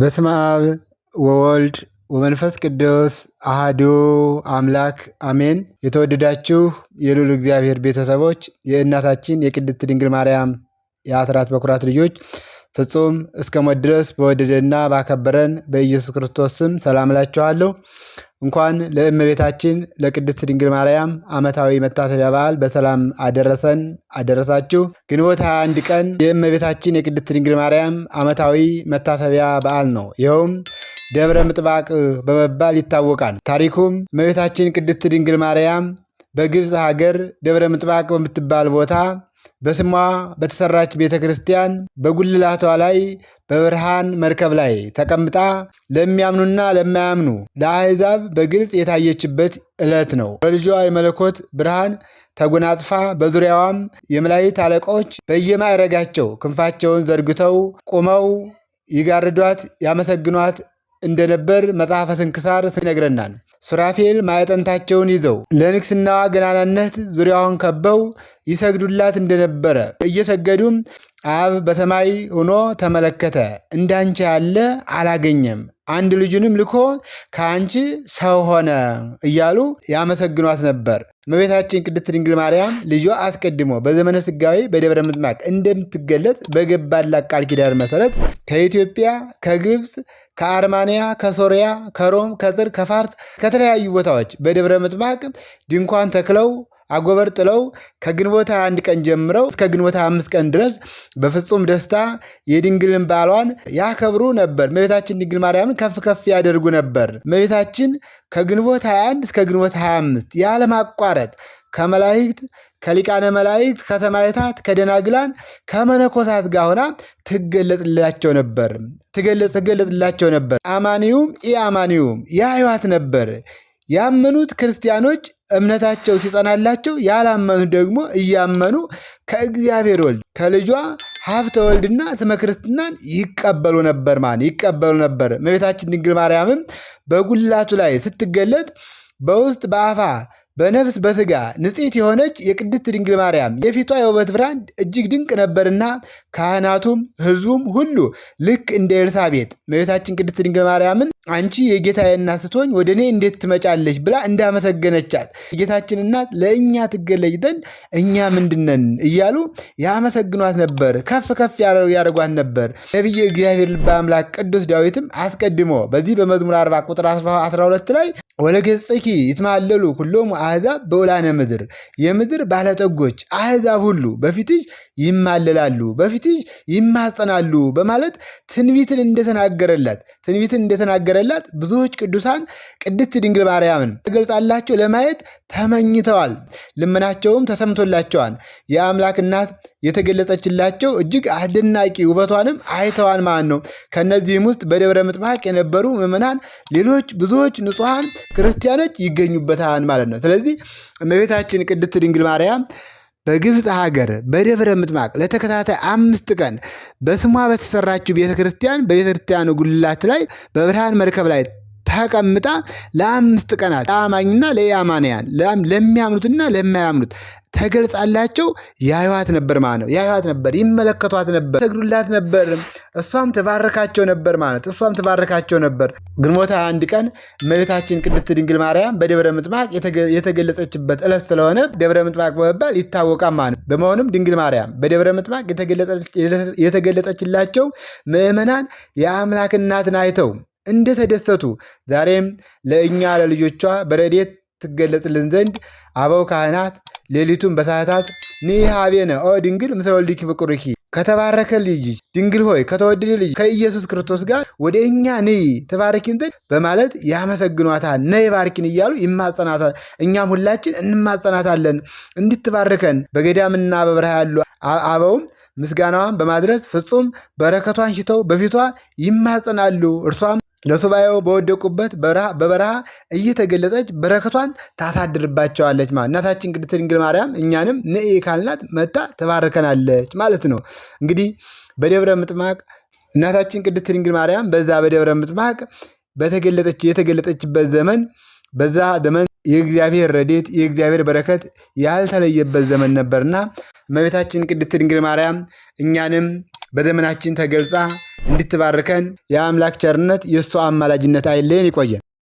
በስመ አብ ወወልድ ወመንፈስ ቅዱስ አህዱ አምላክ አሜን። የተወደዳችሁ የልዑል እግዚአብሔር ቤተሰቦች የእናታችን የቅድስት ድንግል ማርያም የአስራት በኩራት ልጆች ፍጹም እስከ ሞት ድረስ በወደደና ባከበረን በኢየሱስ ክርስቶስ ስም ሰላም እላችኋለሁ። እንኳን ለእመቤታችን ለቅድስት ድንግል ማርያም ዓመታዊ መታሰቢያ በዓል በሰላም አደረሰን አደረሳችሁ። ግንቦት 21 ቀን የእመቤታችን የቅድስት ድንግል ማርያም ዓመታዊ መታሰቢያ በዓል ነው። ይኸውም ደብረ ምጥባቅ በመባል ይታወቃል። ታሪኩም እመቤታችን ቅድስት ድንግል ማርያም በግብፅ ሀገር ደብረ ምጥባቅ በምትባል ቦታ በስሟ በተሰራች ቤተ ክርስቲያን በጉልላቷ ላይ በብርሃን መርከብ ላይ ተቀምጣ ለሚያምኑና ለማያምኑ ለአሕዛብ በግልጽ የታየችበት ዕለት ነው። በልጇ የመለኮት ብርሃን ተጎናጽፋ በዙሪያዋም የመላእክት አለቆች በየማዕረጋቸው ክንፋቸውን ዘርግተው ቆመው ይጋርዷት ያመሰግኗት እንደነበር መጽሐፈ ስንክሳር ይነግረናል። ሱራፌል ማዕጠንታቸውን ይዘው ለንግስናዋ ገናናነት ዙሪያውን ከበው ይሰግዱላት እንደነበረ እየሰገዱም አብ በሰማይ ሆኖ ተመለከተ። እንዳንቺ ያለ አላገኘም፣ አንድ ልጁንም ልኮ ከአንቺ ሰው ሆነ እያሉ ያመሰግኗት ነበር። እመቤታችን ቅድስት ድንግል ማርያም ልጇ አስቀድሞ በዘመነ ስጋዊ በደብረ ምጥማቅ እንደምትገለጥ በገባላት ቃል ኪዳን መሰረት ከኢትዮጵያ፣ ከግብፅ፣ ከአርማንያ፣ ከሶሪያ፣ ከሮም፣ ከጥር፣ ከፋርስ ከተለያዩ ቦታዎች በደብረ ምጥማቅ ድንኳን ተክለው አጎበር ጥለው ከግንቦት አንድ ቀን ጀምረው እስከ ግንቦት አምስት ቀን ድረስ በፍጹም ደስታ የድንግልን በዓሏን ያከብሩ ነበር። መቤታችን ድንግል ማርያምን ከፍ ከፍ ያደርጉ ነበር። መቤታችን ከግንቦት 21 እስከ ግንቦት 25 ያለማቋረጥ ከመላእክት ከሊቃነ መላእክት ከሰማዕታት ከደናግላን ከመነኮሳት ጋር ሆና ትገለጥላቸው ነበር ትገለጥላቸው ነበር። አማኒውም ኢአማኒውም ያዩዋት ነበር። ያመኑት ክርስቲያኖች እምነታቸው ሲጸናላቸው፣ ያላመኑት ደግሞ እያመኑ ከእግዚአብሔር ወልድ ከልጇ ሀብተ ወልድና ስመ ክርስትናን ይቀበሉ ነበር። ማን ይቀበሉ ነበር? እመቤታችን ድንግል ማርያምም በጉልላቱ ላይ ስትገለጥ በውስጥ በአፋ በነፍስ በስጋ ንጽሕት የሆነች የቅድስት ድንግል ማርያም የፊቷ የውበት ብርሃን እጅግ ድንቅ ነበርና ካህናቱም ሕዝቡም ሁሉ ልክ እንደ ኤልሳቤጥ እመቤታችን ቅድስት ድንግል ማርያምን አንቺ የጌታዬ እናት ስትሆኝ ወደ እኔ እንዴት ትመጫለች ብላ እንዳመሰገነቻት የጌታችን እናት ለእኛ ትገለጅ ዘንድ እኛ ምንድነን እያሉ ያመሰግኗት ነበር። ከፍ ከፍ ያደርጓት ነበር። ነቢየ እግዚአብሔር ልበ አምላክ ቅዱስ ዳዊትም አስቀድሞ በዚህ በመዝሙር 40 ቁጥር 12 ላይ ወለገጽኪ ይትማለሉ ሁሎሙ አህዛብ በውላነ ምድር፣ የምድር ባለጠጎች አህዛብ ሁሉ በፊትሽ ይማለላሉ፣ በፊትሽ ይማጸናሉ በማለት ትንቢትን እንደተናገረላት ትንቢትን እንደተናገ የተነገረላት ብዙዎች ቅዱሳን ቅድስት ድንግል ማርያምን ተገልጻላቸው ለማየት ተመኝተዋል። ልመናቸውም ተሰምቶላቸዋል። የአምላክ እናት የተገለጸችላቸው እጅግ አስደናቂ ውበቷንም አይተዋል ማለት ነው። ከእነዚህም ውስጥ በደብረ ምጥማቅ የነበሩ ምዕመናን፣ ሌሎች ብዙዎች ንጹሐን ክርስቲያኖች ይገኙበታል ማለት ነው። ስለዚህ እመቤታችን ቅድስት ድንግል ማርያም በግብፅ ሀገር በደብረ ምጥማቅ ለተከታታይ አምስት ቀን በስሟ በተሰራችው ቤተክርስቲያን በቤተክርስቲያኑ ጉልላት ላይ በብርሃን መርከብ ላይ ተቀምጣ ለአምስት ቀናት ለአማኝና ለያማንያን ለሚያምኑትና ለማያምኑት ተገልጻላቸው ያዩዋት ነበር ማለት ነው። ያዩዋት ነበር፣ ይመለከቷት ነበር፣ ሰግዱላት ነበር። እሷም ትባረካቸው ነበር ማለት እሷም ተባረካቸው ነበር። ግንቦት አንድ ቀን እመቤታችን ቅድስት ድንግል ማርያም በደብረ ምጥማቅ የተገለጸችበት ዕለት ስለሆነ ደብረ ምጥማቅ በመባል ይታወቃል ማለት ነው። በመሆኑም ድንግል ማርያም በደብረ ምጥማቅ የተገለጸችላቸው ምዕመናን የአምላክ እናትን አይተው እንደተደሰቱ ዛሬም ለእኛ ለልጆቿ በረዴት ትገለጽልን ዘንድ አበው ካህናት ሌሊቱን በሳታት ንሃቤነ ኦ ድንግል ምስለ ወልድኪ ፍቁርኪ ከተባረከ ልጅ ድንግል ሆይ ከተወደደ ልጅ ከኢየሱስ ክርስቶስ ጋር ወደ እኛ ነይ ተባረኪን ዘንድ በማለት ያመሰግኗታል። ነይ ባርኪን እያሉ ይማጸናታል። እኛም ሁላችን እንማጸናታለን እንድትባርከን። በገዳምና በበረሃ ያሉ አበውም ምስጋናዋን በማድረስ ፍጹም በረከቷን ሽተው በፊቷ ይማጸናሉ። እርሷም ለሱባኤው በወደቁበት በበረሃ እየተገለጸች በረከቷን ታሳድርባቸዋለች ማለት እናታችን ቅድስት ድንግል ማርያም እኛንም ንኢ ካልናት መታ ተባርከናለች ማለት ነው። እንግዲህ በደብረ ምጥማቅ እናታችን ቅድስት ድንግል ማርያም በዛ በደብረ ምጥማቅ በተገለጠች የተገለጠችበት ዘመን በዛ ዘመን የእግዚአብሔር ረዴት የእግዚአብሔር በረከት ያልተለየበት ዘመን ነበርና እመቤታችን ቅድስት ድንግል ማርያም እኛንም በዘመናችን ተገልጻ እንድትባርከን የአምላክ ቸርነት የእሱ አማላጅነት አይለየን። ይቆየን።